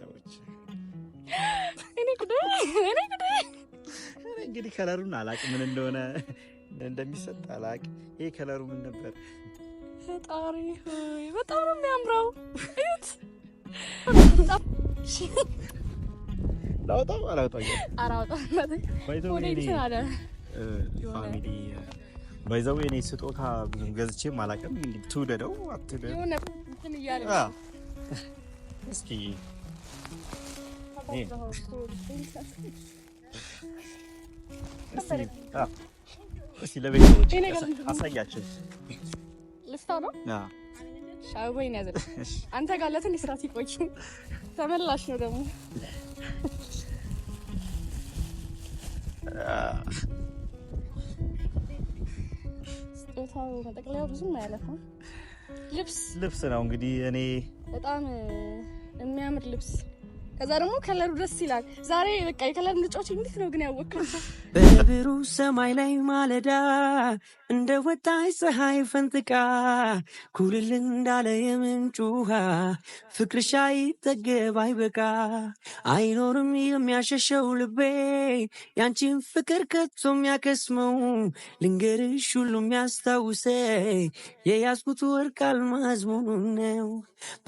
ሰዎች እኔ እኔ እንግዲህ ከለሩን አላቅ ምን እንደሆነ እንደሚሰጥ አላቅ። ይሄ ከለሩ ምን ነበር? ፈጣሪ በጣም ነው የሚያምረው። ላውጣው አላውጣው አራውጣው ፋሚሊ ባይዘው የኔ ስጦታ ብዙም ገዝቼም አላውቅም። እንግዲህ ትውደደው አትውደደው እስኪ Nie. እስቲ ለቤት አሳያቸው። ልስታ ነው አበባዬን ያዘ። አንተ ጋር ለትንሽ ተመላሽ ነው ደግሞ ስጦታው መጠቅለያው ብዙም ልብስ ልብስ ነው እንግዲህ እኔ በጣም የሚያምር ልብስ ከዛ ደግሞ ከለሩ ደስ ይላል። ዛሬ በቃ የከለር ምርጫዎች እንዴት ነው ግን ያወቅከው? በብሩ ሰማይ ላይ ማለዳ እንደ ወጣች ፀሐይ ፈንጥቃ ኩልል እንዳለ የምንጩ ውሃ ፍቅርሽ አይጠገብ አይበቃ አይኖርም የሚያሸሸው ልቤ ያንቺን ፍቅር ከቶ የሚያከስመው ልንገርሽ ሁሉ የሚያስታውሰ የያዝኩት ወርቅ አልማዝ መሆኑን ነው።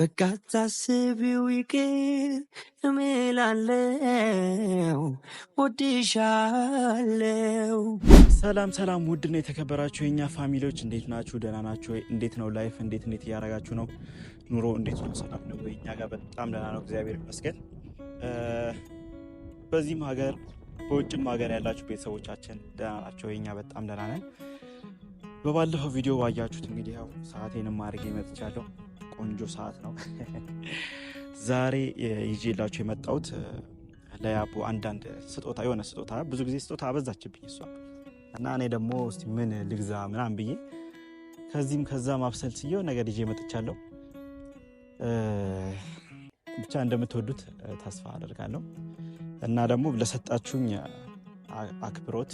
በካታ ስቢው ይቅር እምላለው ወድሻ አለው። ሰላም ሰላም፣ ውድና የተከበራችሁ የኛ ፋሚሊዎች እንዴት ናችሁ? ደህና ናችሁ? እንዴት ነው ላይፍ? እንዴት እንዴት እያደረጋችሁ ነው? ኑሮ እንዴት ነው? ሰላም ነው? እኛ ጋር በጣም ደህና ነው፣ እግዚአብሔር ይመስገን። በዚህም ሀገር በውጭም ሀገር ያላችሁ ቤተሰቦቻችን ደህና ናቸው? የኛ በጣም ደህና ነን። በባለፈው ቪዲዮ ባያችሁት እንግዲህ ያው ሰዓቴንም አድርጌ መጥቻለሁ። ቆንጆ ሰዓት ነው ዛሬ ይዤላችሁ የመጣሁት ለያቡ አንዳንድ ስጦታ የሆነ ስጦታ ብዙ ጊዜ ስጦታ አበዛችብኝ እሷ እና እኔ ደግሞ እስቲ ምን ልግዛ ምናምን ብዬ ከዚህም ከዛ ማብሰል ስየው ነገር ይዤ መጥቻለሁ። ብቻ እንደምትወዱት ተስፋ አደርጋለሁ እና ደግሞ ለሰጣችሁኝ አክብሮት፣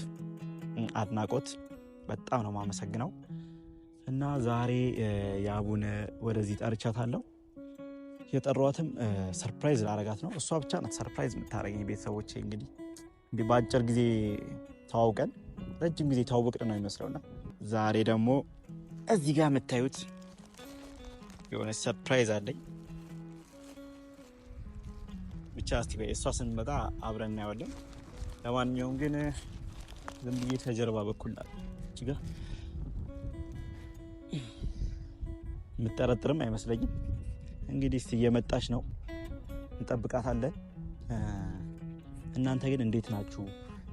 አድናቆት በጣም ነው የማመሰግነው እና ዛሬ የአቡነ ወደዚህ ጠርቻታለሁ የጠሯትም ሰርፕራይዝ ላረጋት ነው። እሷ ብቻ ናት ሰርፕራይዝ የምታረገኝ። ቤተሰቦች እንግዲህ በአጭር ጊዜ ተዋውቀን ረጅም ጊዜ ተዋውቅን ነው የሚመስለውና ዛሬ ደግሞ እዚህ ጋር የምታዩት የሆነ ሰርፕራይዝ አለኝ። ብቻ እስቲ እሷ ስንመጣ አብረን እናያለን። ለማንኛውም ግን ዝም ብዬ ከጀርባ በኩል ችግር የምጠረጥርም አይመስለኝም እንግዲህ እየመጣች ነው እንጠብቃታለን። እናንተ ግን እንዴት ናችሁ?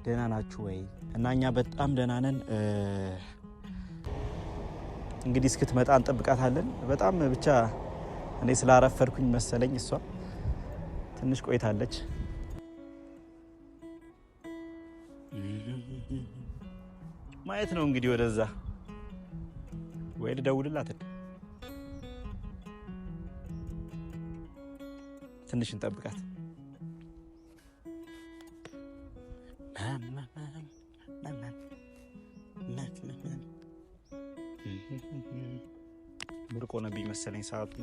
ደህና ናችሁ ወይ? እና እኛ በጣም ደህና ነን። እንግዲህ እስክትመጣ እንጠብቃታለን። በጣም ብቻ እኔ ስላረፈድኩኝ መሰለኝ እሷ ትንሽ ቆይታለች። ማየት ነው እንግዲህ ወደዛ ወይ ልደውልላት ትንሽ እንጠብቃት። ብርቅ ሆነብኝ መሰለኝ ሰዓቱ።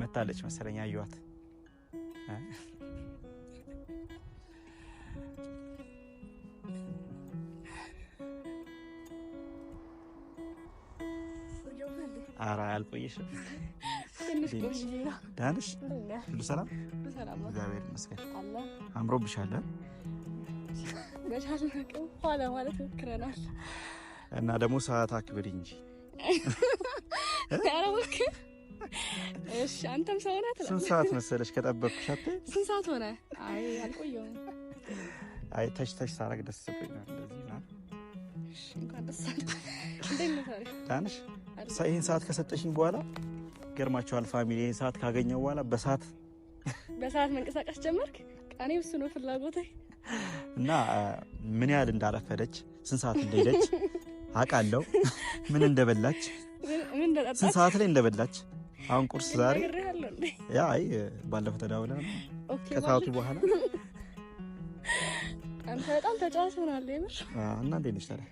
መታለች መሰለኝ አየኋት። አልቆየሽም? ደህና ነሽ? ሁሉ ሰላም? እግዚአብሔር ይመስገን። አምሮብሻል። ኋላ ማለት ሞክረናል እና ደግሞ ሰዓት አክብሪ እንጂ አንተም ሰው ነህ። ስንት ሰዓት መሰለሽ ከጠበቅኩሽ? ስንት ሰዓት ሆነ? አይ አልቆየሁም። አይ ተች ተች ሳረግ ደስ ብሎኛል። እንደዚህ ነው። እንኳን ደስ አለሽ። ይህን ሰዓት ከሰጠሽኝ በኋላ ገርማችኋል ፋሚሊ፣ ይህን ሰዓት ካገኘው በኋላ በሰዓት በሰዓት መንቀሳቀስ ጀመርክ። እኔ እሱ ነው ፍላጎቴ እና ምን ያህል እንዳረፈደች ስንት ሰዓት እንደሄደች አውቃለሁ። ምን እንደበላች ስንት ሰዓት ላይ እንደበላች አሁን ቁርስ ዛሬ ያ አይ ባለፈው ተዳውላ ከሰዓቱ በኋላ አንተ በጣም ተጫዋች ምር እና እንዴት ነሽ ታዲያ?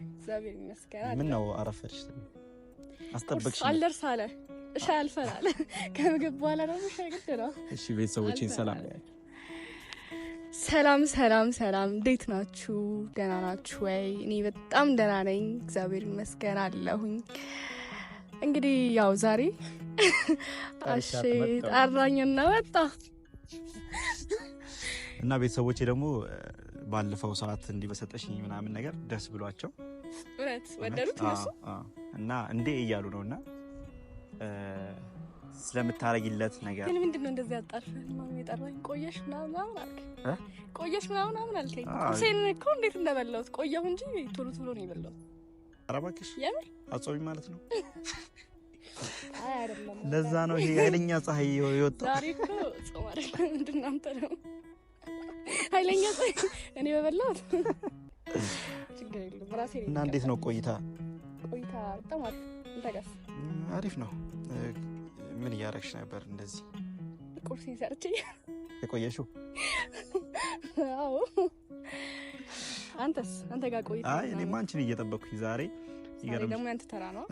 ምን ነው አረፈድሽ? አስጠበቅሽ አልደርስ አለ። ከምግብ በኋላ ደግሞ ሻይ ግድ ነው። እሺ ቤተሰቦቼን ሰላም ሰላም ሰላም ሰላም፣ እንዴት ናችሁ? ደህና ናችሁ ወይ? እኔ በጣም ደህና ነኝ፣ እግዚአብሔር ይመስገን አለሁኝ። እንግዲህ ያው ዛሬ አሽ ጠራኝና መጣ እና ቤተሰቦቼ ደግሞ ባለፈው ሰዓት እንዲህ በሰጠሽኝ ምናምን ነገር ደስ ብሏቸው እውነት ወደዱት እነሱ እና እንዴ እያሉ ነው እና ስለምታረጊለት ነገር ግን እንደዚህ ምናምን የጠራኝ ቆየሽ ምናምን አልክ ቆየሽ ምናምን ምናምን አልከኝ። ቁርሴን እኮ እንዴት እንደበላሁት ቆየሁ እንጂ ቶሎ ቶሎ ነው የበላሁት። ኧረ እባክሽ የምር አጾሚ ማለት ነው። ለዛ ነው ይሄ ኃይለኛ ፀሐይ የወጣ ዛሬ እኮ ጾም አይደለም። ነው ኃይለኛ ፀሐይ እኔ በበላሁት እና እንዴት ነው ቆይታ? አሪፍ ነው። ምን እያደረግሽ ነበር? እንደዚህ ቁርስ ሰርች የቆየሽው? አዎ። አንተስ? አንተ ጋር ቆይታ? አይ እኔማ አንቺን እየጠበቅኩኝ ዛሬ ደግሞ ያንተ ተራ ነው።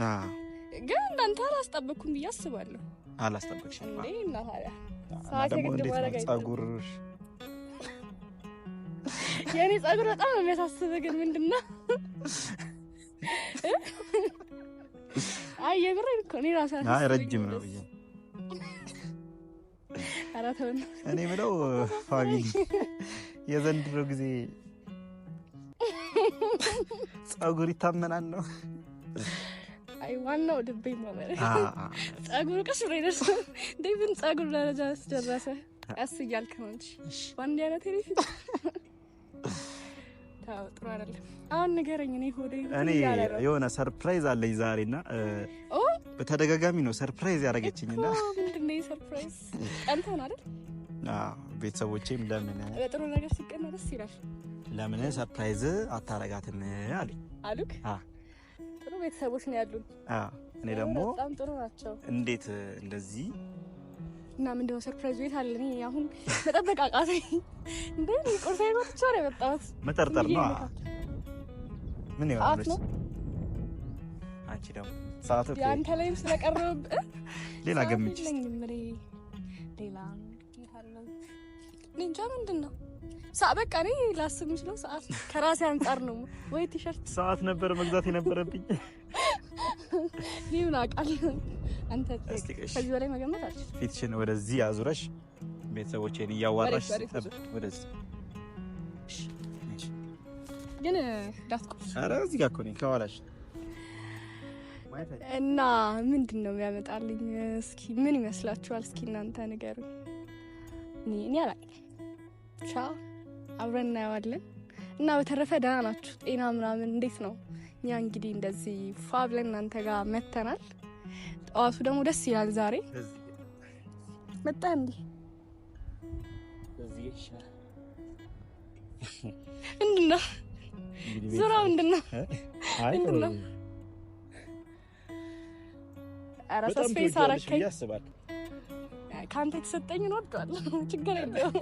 ግን እንዳንተ አላስጠበቅኩም ብዬ አስባለሁ። አላስጠበቅሽ እንዴ? እና ታዲያ ፀጉር የእኔ ጸጉር በጣም የሚያሳስብ ግን ምንድን ነው አይ የምሬን እኮ እኔ ራሴ አይ ረጅም ነው ብዬ እኔ ምለው ፋሚሊ የዘንድሮ ጊዜ ጸጉር ይታመናል ነው። አይ ዋናው ልቤ ማመረ ጸጉር ቀስ ብሎ ይደርሳል። ዴቭን ጸጉር ደረጃ ስደረሰ ቀስ እያልክ ነው እንጂ በአንድ አይነት ሄሪፊት ጥሩ አይደለም። አሁን ንገረኝ። እኔ ሆዴ እኔ የሆነ ሰርፕራይዝ አለኝ ዛሬና በተደጋጋሚ ነው ሰርፕራይዝ ያደረገችኝና ምንድን ነው ሰርፕራይዝ? ቀንተን አይደል? ቤተሰቦቼም ለምን በጥሩ ነገር ሲቀና ደስ ይላል። ለምን ሰርፕራይዝ አታረጋትም አሉኝ አሉክ። ጥሩ ቤተሰቦች ነው ያሉን። እኔ ደግሞ በጣም ጥሩ ናቸው። እንዴት እንደዚህ እና ምንድነው ሰርፕራይዝ ቤት አለ። እኔ አሁን መጠበቅ አቃተኝ። እንደ ቁርሳ ይወት ብቻ ነው የመጣሁት። መጠርጠር ነው። ምን ይሆናል ነው አንቺ ደግሞ ሰዓቱ የአንተ ላይም ስለቀረብ ሌላ ገምች ሌላ እንጃ ምንድን ነው በቃ እኔ ላስብ የምችለው ሰዓት ከራሴ አንጻር ነው። ወይ ቲሸርት ሰዓት ነበር መግዛት የነበረብኝ ምን አውቃለሁ ከዚህ በላይ መገመት አልችልም። ፊትሽን ወደዚህ አዙረሽ ቤተሰቦቼን እያዋራሽ ግን እዚህ እኮ ነኝ ከኋላሽ። እና ምንድን ነው የሚያመጣልኝ? እስኪ ምን ይመስላችኋል? እስኪ እናንተ እኔ አብረን እናየዋለን። እና በተረፈ ደህና ናችሁ? ጤና ምናምን እንዴት ነው? እኛ እንግዲህ እንደዚህ ፏ ብለን እናንተ ጋር መተናል። ጠዋቱ ደግሞ ደስ ይላል። ዛሬ መጣ እንዴ? ምንድን ነው ዙሪያው? ምንድን ነው ምንድን ነው? ኧረ ሰስፔንስ አደረከኝ። ከአንተ የተሰጠኝን ወደዋለሁ። ችግር የለውም።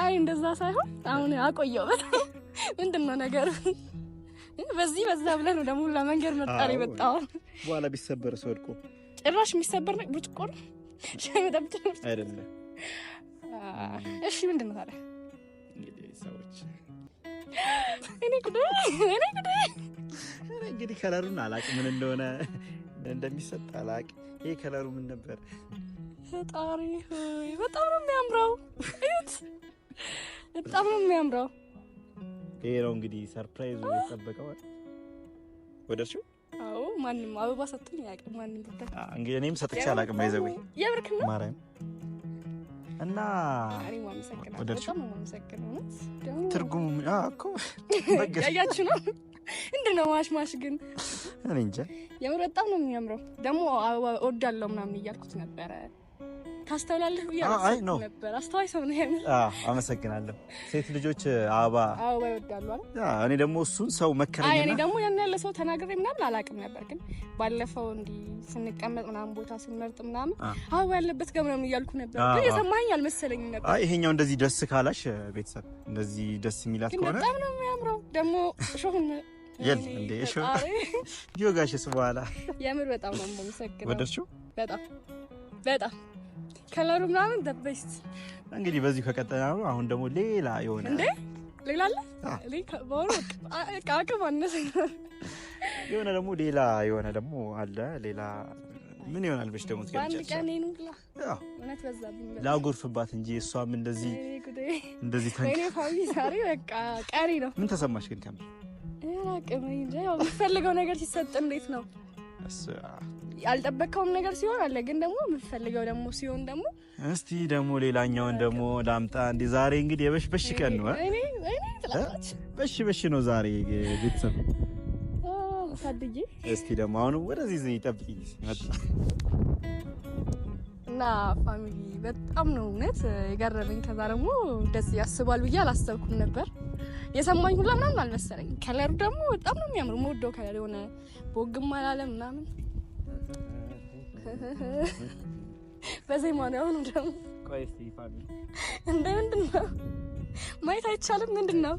አይ እንደዛ ሳይሆን አሁን አቆየው። ምንድን ነው ነገሩ? በዚህ በዛ ብለህ ነው ደግሞ ለመንገድ መጣር የመጣው። በኋላ ቢሰበር ስወድቆ ጭራሽ የሚሰበር ነው ብርጭቆ ነው ሸመጠብጭ አይደለም። እሺ ምንድን ነው ታዲያ? እንግዲህ ከለሩን አላቅም፣ ምን እንደሆነ እንደሚሰጥ አላቅ። ይሄ ከለሩ ምን ነበር? ፈጣሪ በጣም ነው የሚያምረው፣ በጣም ነው የሚያምረው ይሄ ነው እንግዲህ ሰርፕራይዙ የተጠበቀው። ወደሱ። አዎ፣ ማንም አበባ ሰጥቶኝ አያውቅም። ማንም ብታይ እንግዲህ እኔም ሰጥቼ አላውቅም። ባይዘው የብርክ ነው ማርያም እና ወደርሽ? ትርጉሙ እኮ ያያችሁ ነው። እንዴት ነው ማሽ ማሽ ግን እኔ እንጃ። የምር በጣም ነው የሚያምረው። ደግሞ አበባ እወዳለሁ ምናምን እያልኩት ነበረ ታስተውላለህ ብዬ ነበር። አስተዋይ ሰው ነው። አመሰግናለሁ። ሴት ልጆች አበባ አበባ ይወዳሉ። እኔ ደግሞ እሱን ሰው መከረኝ። እኔ ደግሞ ያን ያለ ሰው ተናግሬ ምናምን አላውቅም ነበር፣ ግን ባለፈው እንዲህ ስንቀመጥ ምናምን ቦታ ስንመርጥ ምናምን አበባ ያለበት ገብ ነው እያልኩ ነበር፣ ግን የሰማኸኝ አልመሰለኝም ነበር። ይሄኛው እንደዚህ ደስ ካላሽ ቤተሰብ እንደዚህ ደስ የሚላት ከሆነ በጣም ነው የሚያምረው። ደግሞ ሾህን የል እንደ ሾ ዮጋሽስ በኋላ የምር በጣም ነው የማመሰግነው። ወደድሽው? በጣም በጣም ከለሩ ምናምን ደበስት እንግዲህ በዚሁ ነው። አሁን ደግሞ ሌላ የሆነ እንዴ ሌላ አለ አቅም አነሰ የሆነ ደግሞ ሌላ የሆነ ደግሞ አለ ሌላ ምን ይሆናል ብሽ ደግሞ ላጎርፍባት እንጂ እሷም እንደዚህ እንደዚህ ዛሬ በቃ ቀሪ ነው ምን ተሰማሽ ግን ከምር ራቅ ፈልገው ነገር ሲሰጥ እንዴት ነው ያልጠበቀውም ነገር ሲሆን አለ። ግን ደግሞ የምትፈልገው ደግሞ ሲሆን ደግሞ እስቲ ደግሞ ሌላኛውን ደግሞ ላምጣ። እንዲ ዛሬ እንግዲህ የበሽ በሽ ቀን ነው። በሽ በሽ ነው ዛሬ ቤተሰብ። ሳድጌ እስቲ ደግሞ አሁን ወደዚህ ዝ ጠብቂ እና ፋሚሊ በጣም ነው እውነት የገረመኝ። ከዛ ደግሞ ደስ ያስባል ብዬ አላሰብኩም ነበር። የሰማኝ ሁላ ምናምን አልመሰለኝ። ከለሩ ደግሞ በጣም ነው የሚያምር። የምወደው ከለር የሆነ ቦግም አላለም ምናምን በዜማ ነው። አሁኑ ደግሞ ቆይ እስኪ እንደ ምንድን ነው ማየት አይቻልም? ምንድን ነው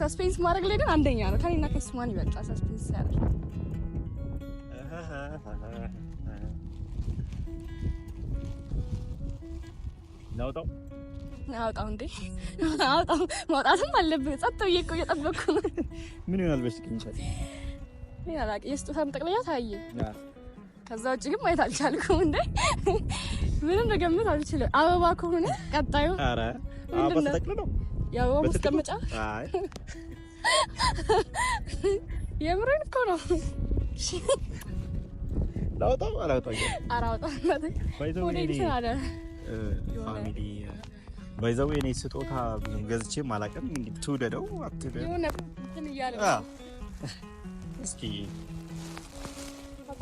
ሰስፔንስ ማድረግ ላይ ግን አንደኛ ነው። ከኔና ከሱ ማን ይበልጣል? ሰስፔንስ ሲያደርግ ናውጣው ናውጣው እንዴ ናውጣው ማውጣትም አለብህ። ጸጥ ብዬ እኮ እየጠበቅኩ ምን ይሆናል በስቅኝ የስጦታም ጠቅለያ ታየ። ከዛ ውጭ ግን ማየት አልቻልኩም። እንደ ምንም ልገምት አልችልም። አበባ ከሆነ ቀጣዩ የአበባ ማስቀመጫ የምሬን እኮ ነው። ላውጣው አላውጣው ባይዘው የኔ ስጦታ ገዝቼም አላውቅም። ትውደደው አትውደደው Зеленський.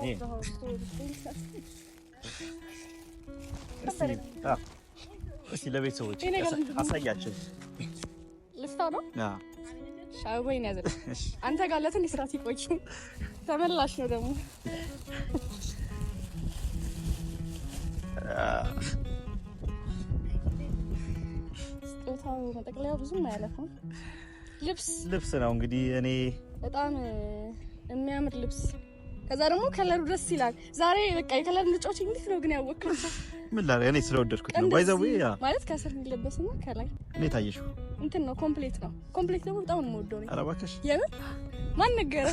Ні. Sì, ah. Sì, le vezoci. አሳያቸው ልስታ ነው ሻወይ ነው ያዘለ አንተ ጋር ለትን ስራ ሲቆይ ተመላሽ ነው ደግሞ ስጦታው መጠቅለያ ብዙም አያለፈም። ልብስ ልብስ ነው እንግዲህ እኔ በጣም የሚያምር ልብስ ከዛ ደግሞ ከለሩ ደስ ይላል። ዛሬ በቃ የከለር ምርጫዎች እንዴት ነው ግን ያወቅከው? ምን ላለ እኔ ስለወደድኩት ነው። ያ ማለት ከስር የሚለበስና ከላይ እኔ ታየሽው እንትን ነው ኮምፕሌት ነው። ኮምፕሌት ደግሞ በጣም ነው የምወደው ነው። ኧረ እባክሽ የምን ማን ነገረ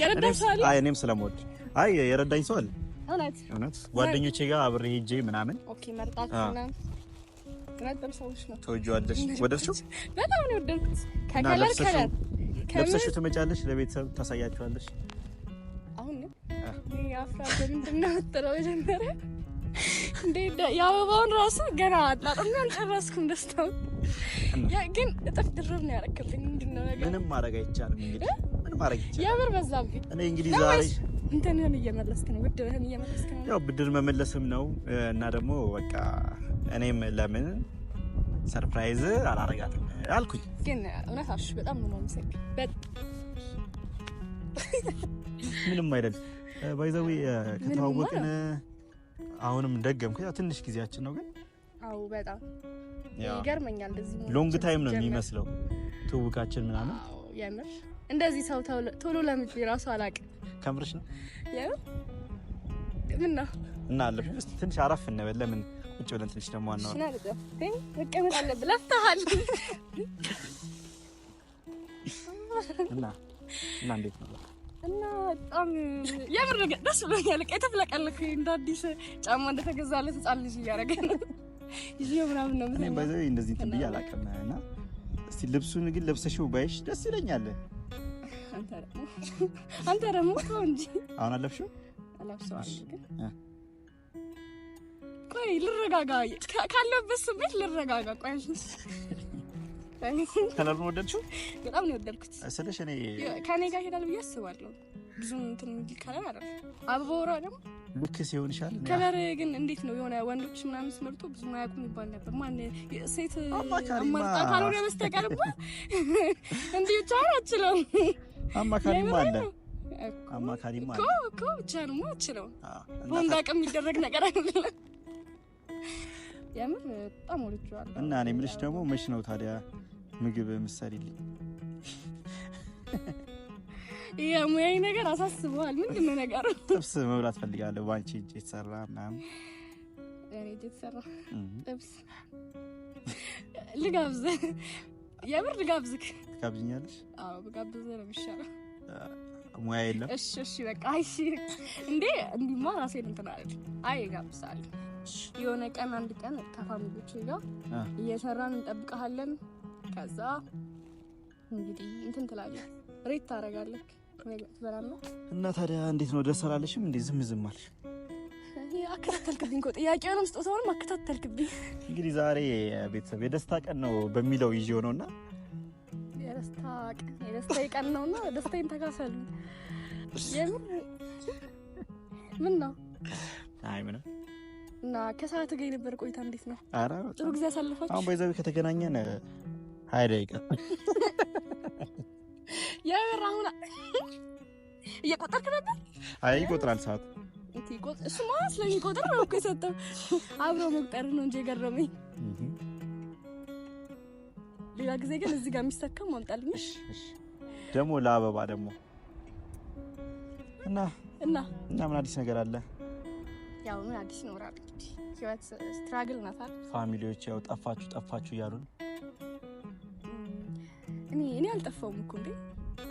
የረዳኝ ሰው አለ? አይ እኔም ስለምወድ አይ የረዳኝ ሰው አለ። እውነት እውነት ጓደኞቼ ጋር አብሬ ሄጄ ምናምን ኦኬ መርጣችሁ ምናምን ተወጂዋለሽ። ወደድሽው? በጣም ነው የወደድኩት ከከለር ከለር ለብሰሽ ትመጫለሽ፣ ለቤተሰብ ታሳያቸዋለሽ። አሁን የአበባውን ራሱ ገና አጣጥሜ አልጨረስኩም። ደስታው ግን እጥፍ ድርብ ነው ያደረክልኝ። ምንድን ነው ነገር ምንም ማድረግ አይቻልም። እንግዲህ ምን ማድረግ ይቻላል? የምር በዛብኝ። እኔ እንግዲህ ዛሬ እንትንህን እየመለስክ ነው፣ ብድርህን እየመለስክ ነው። ያው ብድር መመለስም ነው እና ደግሞ በቃ እኔም ለምን ሰርፕራይዝ አላረጋትም አልኩኝ። ግን እውነት አሹ በጣም ነው በጣም ምንም አይደል ባይዘዊ ከተዋወቅን አሁንም ደገም ትንሽ ጊዜያችን ነው ግን አዎ በጣም ይገርመኛል። እንደዚህ ሎንግ ታይም ነው የሚመስለው ትውውቃችን ምናምን። የምር እንደዚህ ሰው ቶሎ ለምጄ ራሱ አላውቅም። ከምርሽ ነው እና አለብኝ ትንሽ አረፍ እንበል። ለምን ቁጭ ብለን ትንሽ ደግሞ ዋናው እና እና እንዴት ነው እና በጣም የምር ደስ ብሎኛል። ቀይ እንደ አዲስ ጫማ እንደተገዛለት ህፃን ልጅ እያደረገ ይዤው ምናምን ነው እኔም እንደዚህ እንትን ብዬ አላውቅም። እና እስቲ ልብሱን ግን ለብሰሽው ባይሽ ደስ ይለኛል። አንተ ደግሞ አንተ ደግሞ እንጂ አሁን አለብሽው እለብሰዋለሁ። ግን ቆይ ልረጋጋ፣ ካለበት ስሜት ልረጋጋ። ቆይ ከለር ወደድሽው? በጣም ነው የወደድኩት ስልሽ እኔ ከኔ ጋር ሄዳል ብዬ አስባለሁ። ብዙም እንትን የሚል ከለር አይደለም። አበባ ደግሞ ልክ ሲሆን ይሻል። ከለር ግን እንዴት ነው የሆነ ወንዶች ምናምን ሲመርጡ ብዙ ማያውቁ ይባል ነበር። ማን ሴት መርጣ ካልሆነ በስተቀርማ እንዲህ ብቻ አችለው አማካሪማ አለ አማካሪም እኮ ብቻ ነው የማትችለው። በወንድ አቅም የሚደረግ ነገር አይደለም። የምር በጣም ወድጄዋለሁ። እና እኔ የምልሽ ደግሞ መች ነው ታዲያ ምግብ ምሰሪልኝ? የሙያዊ ነገር አሳስበዋል። ምንድን ነው ጥብስ መብላት ፈልጋለሁ። በአንቺ እጅ የተሰራ ምናምን የተሰራ ጥብስ ልጋብዝ፣ የምር ልጋብዝክ። ትጋብዝኛለሽ? አዎ ነው የሚሻለው። ሙያ የለም። እሺ፣ እሺ፣ በቃ እሺ። እንዴ እንዲማ ራሴን እንትን አለች። አይ ጋብሳል። የሆነ ቀን አንድ ቀን ከፋሚሊዎች ጋር እየሰራን እንጠብቀሃለን። ከዛ እንግዲህ እንትን ትላለህ፣ ሬት ታደርጋለህ፣ ትበላለህ። እና ታዲያ እንዴት ነው ደስ አላለሽም? እንዴ ዝም ዝም አልሽ? አከታተልክብኝ እኮ ጥያቄውንም ስጦታውንም አከታተልክብኝ። እንግዲህ ዛሬ ቤተሰብ የደስታ ቀን ነው በሚለው ይዤው ነውና ደስታ ቀን የደስታ ቀን ነውና ደስታዬን ተካፈሉ። ምን ነው? አይ ምንም እና ከሰዓት ጋር የነበረ ቆይታ እንዴት ነው? ኧረ ጥሩ ጊዜ አሳልፋችሁ። አሁን በዛው ከተገናኘን ሀያ ደቂቃ የምር አሁን እየቆጠርክ ነበር? አይ ይቆጥራል ሰዓት እሱማ ስለሚቆጥር ነው እኮ የሰጠው። አብሮ መቁጠር ነው እንጂ የገረመኝ ሌላ ጊዜ ግን እዚህ ጋር የሚሰካም ማምጣልኝ። እሺ ደግሞ ለአበባ ደግሞ እና እና እና ምን አዲስ ነገር አለ? ያው ምን አዲስ ይኖራል? ህይወት ስትራግል ናታል። ፋሚሊዎች ያው ጠፋችሁ ጠፋችሁ እያሉ እኔ እኔ አልጠፋሁም እኮ እንዴ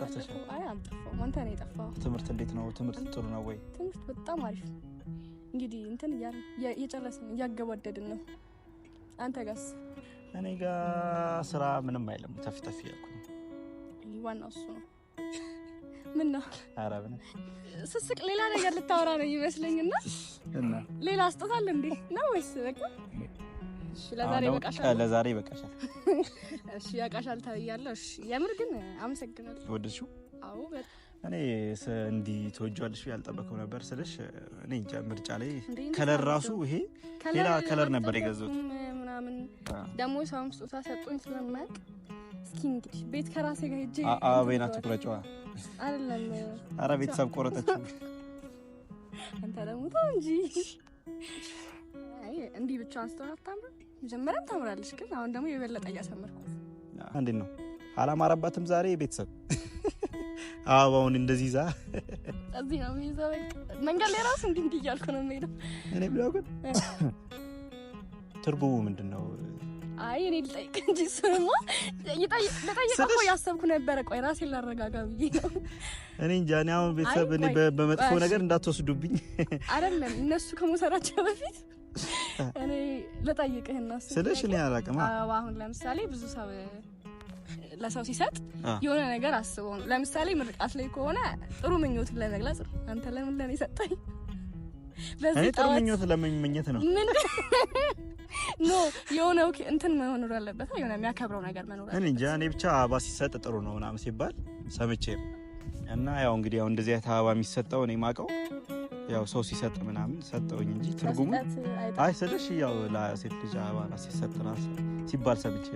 ጠፍተሻል? አይ አልጠፋሁም። አንተ ነው የጠፋው። ትምህርት እንዴት ነው? ትምህርት ጥሩ ነው ወይ? ትምህርት በጣም አሪፍ ነው። እንግዲህ እንትን እያልን እየጨረስን እያገባደድን ነው። አንተ ጋስ እኔ ጋር ስራ ምንም አይልም። ተፍ ተፍ እያልኩ ዋናው እሱ ነው። ምን ነው ስስቅ ሌላ ነገር ልታወራ ነው ይመስለኝ። እና ሌላ አስጠታል እንዴ ነው ወይስ በቃ ለዛሬ ይበቃሻል? እሺ ያቃሻል ተብያለሁ። እሺ የምር ግን አመሰግናለሁ። ወደድሽው? አዎ በጣም እኔ እንዲህ ተወጇልሽ ያልጠበቀው ነበር ስልሽ እኔ ምርጫ ላይ ከለር ራሱ ይሄ ሌላ ከለር ነበር የገዛሁት ምናምን ደግሞ ሰውም ስጦታ ሰጡኝ ስለማቅ እስኪ እንግዲህ ቤት ከራሴ ጋር ሄጄ አበቤና ትቁረጫዋ አይደለም። አረ ቤተሰብ ቆረጠች። አንተ ደግሞ ተው እንጂ እንዲህ ብቻ አንስተው አታምር። መጀመሪያም ታምራለች፣ ግን አሁን ደግሞ የበለጠ እያሰመርኩ እንዴት ነው አላማረባትም ዛሬ ቤተሰብ አበባውን እንደዚህ ይዛ እዚህ ነው የሚይዘው። መንገድ ላይ ራሱ እንዲህ እንዲህ እያልኩ ነው የምሄደው እኔ ብለው ግን ትርጉሙ ምንድን ነው? አይ እኔ ልጠይቅ እንጂ እሱንማ ልጠይቅ እኮ ያሰብኩ ነበረ። ቆይ ራሴ ላረጋጋ ብዬ ነው። እኔ እንጃ። እኔ አሁን ቤተሰብ እኔ በመጥፎ ነገር እንዳትወስዱብኝ። አይደለም እነሱ ከመውሰዳቸው በፊት እኔ ልጠይቅህና ስልሽ እኔ አላውቅም። አሁን ለምሳሌ ብዙ ሰው ለሰው ሲሰጥ የሆነ ነገር አስበው ነው። ለምሳሌ ምርቃት ላይ ከሆነ ጥሩ ምኞትን ለመግለጽ አንተ ለምን ለኔ ሰጠኝ ጥሩ ምኞት ለመመኘት ነው። ኖ የሆነ እንትን መኖር አለበት፣ የሆነ የሚያከብረው ነገር መኖር አለበት። እንጃ እኔ ብቻ አበባ ሲሰጥ ጥሩ ነው ምናምን ሲባል ሰምቼ እና ያው እንግዲህ ያው እንደዚህ አይነት አበባ የሚሰጠው እኔ ማቀው ያው ሰው ሲሰጥ ምናምን ሰጠውኝ እንጂ ትርጉሙ አይ ሰደሽ ያው ለሴት ልጅ አበባ ሲሰጥ ራስ ሲባል ሰምቼ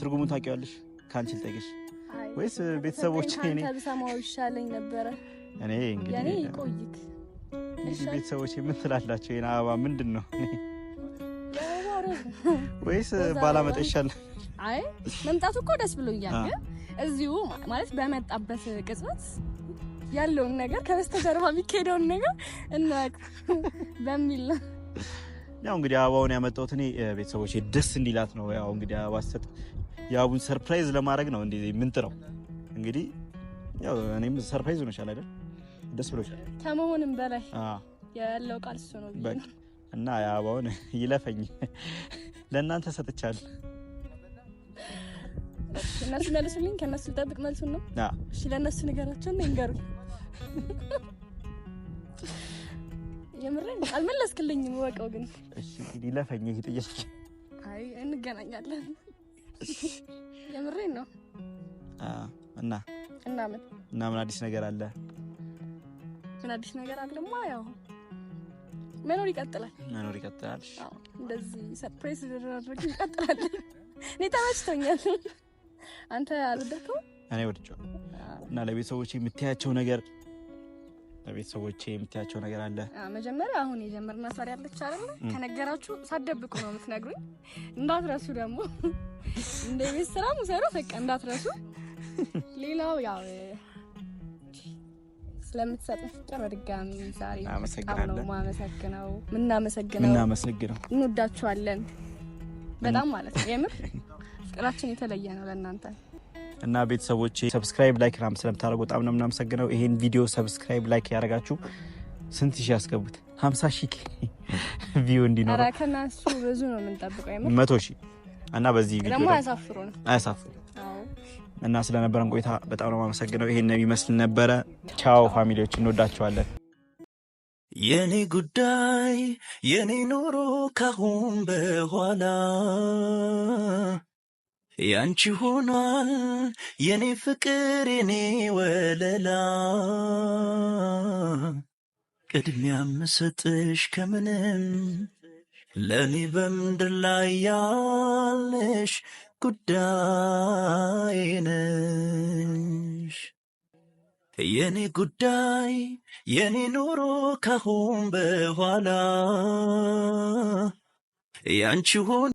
ትርጉሙ ታውቂዋለሽ? ከአንቺ ልጠይቅሽ ወይስ ቤተሰቦች? እኔ ሰማው ይሻለኝ እኔ እንግዲህ ቆይክ እንግዲህ ቤተሰቦች ምን ትላላቸው? ይህን አበባ ምንድን ነው ወይስ ባላመጣ ይሻል? አይ መምጣቱ እኮ ደስ ብሎኛል፣ ግን እዚሁ ማለት በመጣበት ቅጽበት ያለውን ነገር ከበስተጀርባ የሚካሄደውን ነገር እናያቅ በሚል ነው። ያው እንግዲህ አበባውን ያመጣሁት እኔ ቤተሰቦች ደስ እንዲላት ነው። ያው እንግዲህ አበባ ስሰጥ የአቡን ሰርፕራይዝ ለማድረግ ነው። እንዲህ ምንት እንግዲህ ያው እኔም ሰርፕራይዝ ሆነሻል አይደል? ደስ ብሎሻል። ከመሆንም በላይ ያለው ቃል እሱ ነው እና የአበባውን ይለፈኝ ለእናንተ ሰጥቻል። እነሱ መልሱልኝ። ከእነሱ ልጠብቅ መልሱን ነው። እሺ ለእነሱ ንገራቸው እና ይንገሩ። የምሬን አልመለስክልኝም፣ ወቀው ግን ይለፈኝ። ይህ ጥያቄ አይ እንገናኛለን። የምሬን ነው እና እና ምን እና ምን አዲስ ነገር አለ? ምን አዲስ ነገር አለማ ያው መኖር ይቀጥላል፣ መኖር ይቀጥላል። እንደዚህ ሰርፕራይዝ ልደራረግ ይቀጥላል። እኔ ተመችቶኛል። አንተ አልወደድከውም? እኔ ወድጄው እና ለቤተሰቦቼ የምትያቸው ነገር ለቤተሰቦቼ የምትያቸው ነገር አለ። መጀመሪያ አሁን የጀመርና ሳሪ አለች አለ ከነገራችሁ ሳትደብቁ ነው የምትነግሩኝ። እንዳትረሱ ደግሞ እንደ ቤት ስራ ሙሰሩ በቃ እንዳትረሱ። ሌላው ያው ስለምትሰጥ ፍቅር በድጋሚ ዛሬ ነው ማመሰግነው። ምናመሰግነው ምናመሰግነው። እንወዳችኋለን በጣም ማለት ነው። የምር ፍቅራችን የተለየ ነው ለእናንተ እና ቤተሰቦች ሰብስክራይብ ላይክ ናም ስለምታደርጉ በጣም ነው የምናመሰግነው። ይሄን ቪዲዮ ሰብስክራይብ ላይክ ያደረጋችሁ ስንት ሺህ ያስገቡት? ሀምሳ ሺህ ቪው እንዲኖረ ከእናሱ ብዙ ነው የምንጠብቀው። መቶ ሺህ እና በዚህ ደግሞ አያሳፍሩ አያሳፍሩ እና ስለነበረን ቆይታ በጣም ነው የማመሰግነው። ይሄን ይመስል ነበረ። ቻው ፋሚሊዎች፣ እንወዳቸዋለን። የኔ ጉዳይ የኔ ኑሮ ካሁን በኋላ ያንቺ ሆኗል። የኔ ፍቅር የኔ ወለላ ቅድሚያ ምሰጥሽ ከምንም ለኔ በምድር ላይ ያለሽ ጉዳይ ነሽ፣ የኔ ጉዳይ የኔ ኑሮ ካሁን በኋላ ያንቺ ሆን